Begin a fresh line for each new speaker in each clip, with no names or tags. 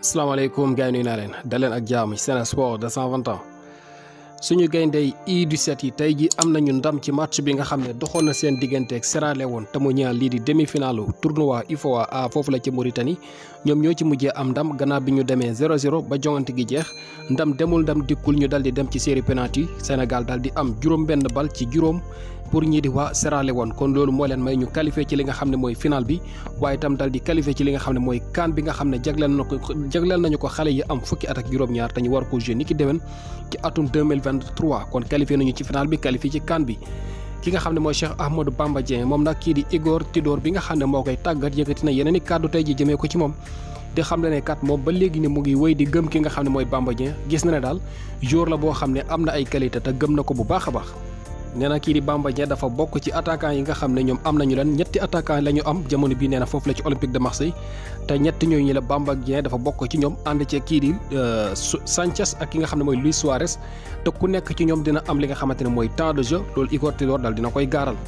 salaamaaleykum gars yi nuyu naa leen daleen ak jaamu Sen Sport 221 suñu gayndey U17 yi tey ji am nañu ndam ci match bi nga xam ne doxoon na seen diggante ak woon Leone te mu ñaan lii di demi-finale tournoi UFOA A foofu la ci Mauritanie ñoom ñoo ci mujjee am ndam gannaaw bi ñu demee 0-0 ba jongante gi jeex ndam demul ndam dikkul ñu dal di dem ci série penalty Sénégal dal di am juróom benn bal ci juróom pour ñii di waa Sierra Leone kon loolu moo leen may ñu qualifié ci li nga xam ne mooy final bi waaye itam dal di qualifié ci li nga xam ne mooy CAN bi nga xam ne jagleel na ko jagleel nañu ko xale yi am fukki at ak juróom-ñaar te ñu war ko joué ni ki déwén ci atum 2023 kon qualifié nañu ci final bi qualifié ci CAN bi ki nga xam ne mooy Cheikh Ahmadou Bamba Dieng moom nag kii di Igor Tudor bi nga xam ne moo koy tàggat yëkkati na yeneen i kàddu tey ji ko ci moom di xam ne kat moom ba léegi ne mu ngi wéy di gëm ki nga xam ne mooy Bamba Dieng gis na ne daal boo xam ne am na ay qualité gëm na ko bu baax a nee na kii di Bamba Dieng dafa bokk ci attaquant yi nga xam ne ñoom am nañu leen ñetti attaquant la ñu am jamono bi nee na foofu la ci Olympique de Marseille te ñetti ñooñu ñu la Bamba Dieng dafa bokk ci ñoom ànd ci kii di euh, Sanchez ak ki nga xam ne mooy Luis Suarez te ku nekk ci ñoom dina am li nga xamante ne mooy temps de jeu loolu Igor Tudor daal dina koy gaaral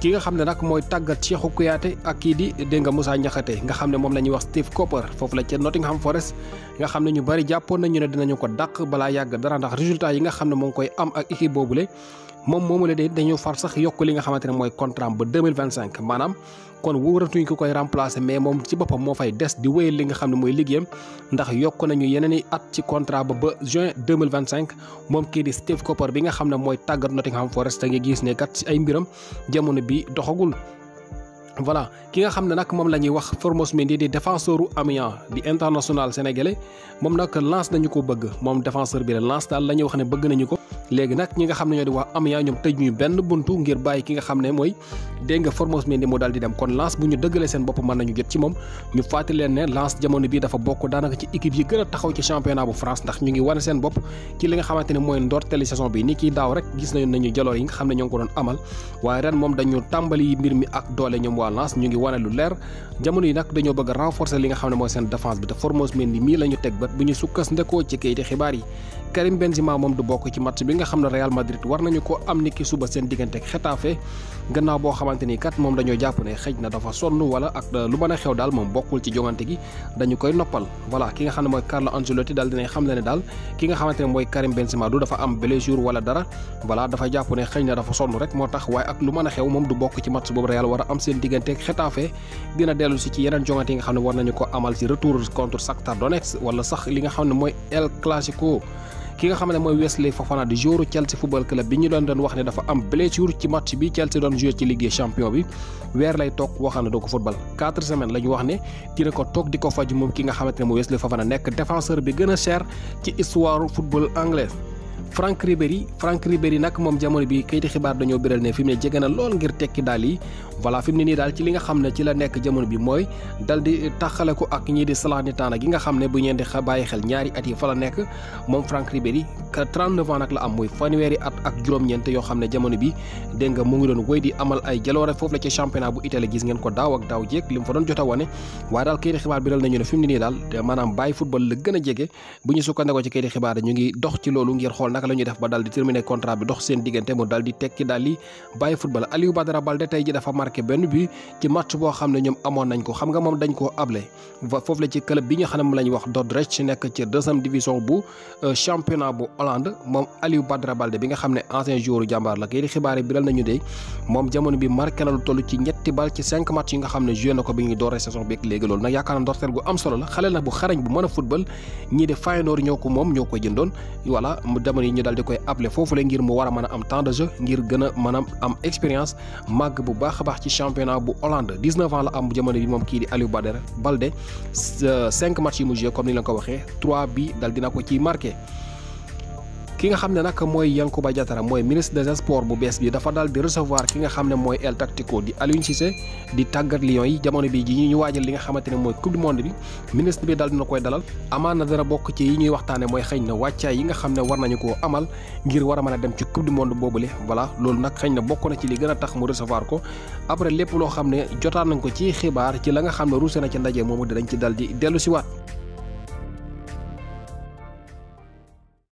ki nga xam ne nag mooy tàggat Cheikhou kuyaate ak kii di dégg nga Moussa Niakhaté nga xam ne moom la ñuy wax Steve Cooper foofu la ca Nottingham nga xam ne ñu bari jàppoon nañu ne dinañu ko dàq balaa yàgg dara résultat yi nga xam ne moo ngi koy am ak équipe boobule moom moomu la de dañoo far sax yokk li nga xamante ne mooy contrat ba 2025 maanaam kon wóoratuñ ko koy remplacer mais moom ci boppam moo fay des di wéyal li nga xam ne mooy liggéeyam ndax yokk nañu yeneen i at ci contrat ba ba juin 2025 moom kii di Steve Cooper bi nga xam ne mooy tàggat Nottingham Forest nga gis ne kat ci ay mbiram jamono bi doxagul. voilà ki nga xam ne nag moom la ñuy wax Formose Mendy di défenseur u Amiens di international sénégalais moom nag lance nañu ko bëgg moom défenseur bi la lance daal la ñuy wax ne bëgg nañu ko. léegi nag ñi nga xam ne ñoo di waa Amiens ñoom tëj ñuy benn buntu ngir bàyyi ki nga xam ne mooy dégg nga Formose Mendy mu daal di dem kon Lens bu ñu dëggalee seen bopp mën nañu jot ci moom ñu fàttali leen ne bii dafa bokk daanaka ci yi taxaw ci championnat bu France ndax ngi wane seen bopp ci li nga xamante ne mooy ndorteeli saison bi ni kii daaw rek gis nañu nañu jaloor yi nga xam ne ñoo ngi ko doon amal waaye ren moom dañu tàmbali mbir mi ak doole ñoom waa Lens ñu ngi wane lu leer jamono yi nag dañoo bëgg renforcer li nga xam ne mooy seen défense bi te Formose Mendy mii la ñu teg bët bu ñu sukkas ndekoo ci yi Karim Benzema moom du bokk ci match bi nga ne Real Madrid war nañu ko am ni ki suba seen diggante ni kat dañoo jàpp ne xëj na dafa sonn a xew daal moom bokkul ci jongante gi dañu koy noppal voilà ki nga xam ne mooy Carlo Ancelotti daal dinañ xam ne daal ki nga xamante ne mooy Karim Benzema du dafa am blessure wala dara voilà dafa jàpp ne xëj na dafa sonn rek tax waaye ak lu a xew moom bokk ci match boobu Real war a am seen diggante ak Getafe dina dellu si ci yeneen jongante yi nga xam ne war nañu ko amal si retour contre Shakhtar Donetsk wala sax li nga xam ne mooy El Clasico ki nga xam ne mooy Wesley Fofana di joueur Chelsea football club bi ñu doon doon wax ne dafa am blessure ci match bi Chelsea doon joué ci ligue champion bi weer lay toog waxam doo ko football quatre semaines la ñu wax ne dina ko toog di ko faj moom ki nga xamante ne mooy Wesley Fofana nekk défenseur bi gën a cher ci histoire football anglaise. Franck Ribéry Franck Ribéry nag moom jamono bi kayiti xibaar dañoo biral ne fi mu ne jege na lool ngir tekki daal yi voilà fi mu ne nii daal ci ne ci la nekk jamono bi mooy dal di taxale ko ak ñii di Salernitana gi nga xam ne bu ñeen di bàyyi xel ñaari at yi fa la nekk moom Franck Ribéry la am muy ñeent yoo xam ne jamono bi dégg nga mu ngi doon wéy di amal ay jaloore foofu la ci ko daaw ak daaw jéeg li a wane waaye daal kayiti xibaar biral nañu ne fi mu ne nii daal maanaam a ñu ngi dox ci loolu ngir xool naka la ñuy def ba daal di terminer contrat bi dox moom dañ bi nga la euh, lu toll ci ñetti bal ci match yi nga xam ne joué na ko bi ñuy dooree saison bi ak léegi loolu nag yaakaar naa ndorteel gu am solo la xale la bu xarañ bu mën a football ñii de Feyenoord ñoo ko moom ñoo ko jëndoon voilà yi ñu dal di koy appelé foofu la ngir mu war a mën a am temps de jeu ngir gën a mën a am expérience màgg bu baax a baax ci championnat bu Hollande 19 ans la am jamono bi moom kii di Aliou Badara Balde 5 euh, matchs yi mu joué comme ni la ko waxee 3 bi dal dina ko ci marqué. ki nga xam ne nag mooy Yankuba Diatara mooy ministre des sports bu bees bi dafa daal di recevoir ki nga xam ne mooy el tactico di Aliou Cissé di tàggat Lions yi jamono bi ji ñu waajal li nga xamante ne mooy coupe du monde bi ministre bi daal dina koy dalal amaan na dara bokk ci yi ñuy waxtaane mooy xëy na wàccaay yi nga xam ne war nañu koo amal ngir war a mën a dem ci coupe du monde boobule voilà loolu nag xëy na bokk na ci li gën a tax mu recevoir ko après lépp loo xam ne jotaan nañ ko ci xibaar ci la nga xam ne ruuse na ci ndaje moomu dinañ ci dal di dellu siwaat